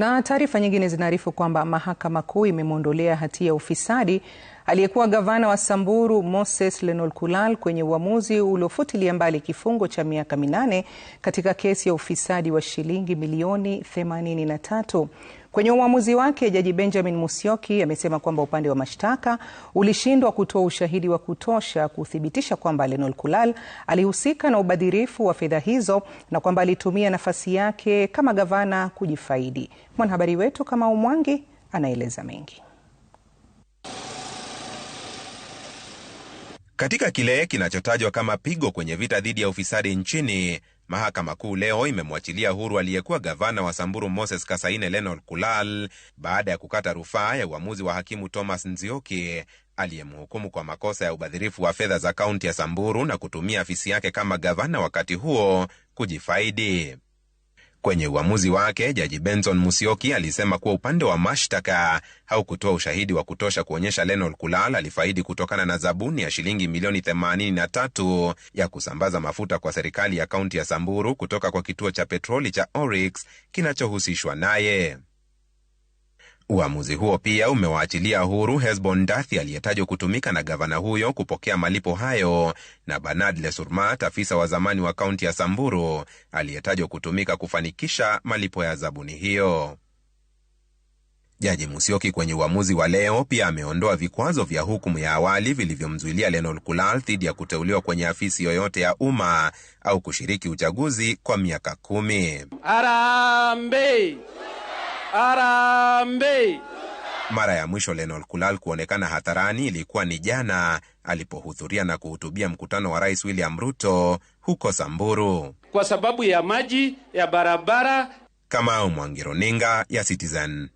Na taarifa nyingine zinaarifu kwamba mahakama kuu imemwondolea hatia ya ufisadi Aliyekuwa gavana wa Samburu Moses lenol kulal kwenye uamuzi uliofutilia mbali kifungo cha miaka minane katika kesi ya ufisadi wa shilingi milioni 83. Kwenye uamuzi wake, Jaji Benjamin Musyoki amesema kwamba upande wa mashtaka ulishindwa kutoa ushahidi wa kutosha kuthibitisha kwamba lenol kulal alihusika na ubadhirifu wa fedha hizo na kwamba alitumia nafasi yake kama gavana kujifaidi. Mwanahabari wetu Kamau Mwangi anaeleza mengi. Katika kile kinachotajwa kama pigo kwenye vita dhidi ya ufisadi nchini, mahakama kuu leo imemwachilia huru aliyekuwa gavana wa Samburu Moses Kasaine lenol Kulal baada ya kukata rufaa ya uamuzi wa hakimu Thomas Nzioki aliyemhukumu kwa makosa ya ubadhirifu wa fedha za kaunti ya Samburu na kutumia afisi yake kama gavana wakati huo kujifaidi. Kwenye uamuzi wake, Jaji Benson musioki alisema kuwa upande wa mashtaka haukutoa ushahidi wa kutosha kuonyesha Lenol Kulal alifaidi kutokana na zabuni ya shilingi milioni 83 ya kusambaza mafuta kwa serikali ya kaunti ya Samburu kutoka kwa kituo cha petroli cha Oryx kinachohusishwa naye. Uamuzi huo pia umewaachilia huru Hesbon Dathi aliyetajwa kutumika na gavana huyo kupokea malipo hayo na Bernard Lesurmat, afisa wa zamani wa kaunti ya Samburu aliyetajwa kutumika kufanikisha malipo ya zabuni hiyo. Jaji musioki kwenye uamuzi wa leo pia ameondoa vikwazo vya hukumu ya awali vilivyomzuilia Lenol Kulal dhidi ya kuteuliwa kwenye afisi yoyote ya umma au kushiriki uchaguzi kwa miaka kumi. Arambe. Mara ya mwisho Lenol Kulal kuonekana hadharani ilikuwa ni jana alipohudhuria na kuhutubia mkutano wa Rais William Ruto huko Samburu kwa sababu ya maji ya barabara. Kamau Mwangi, runinga ya Citizen.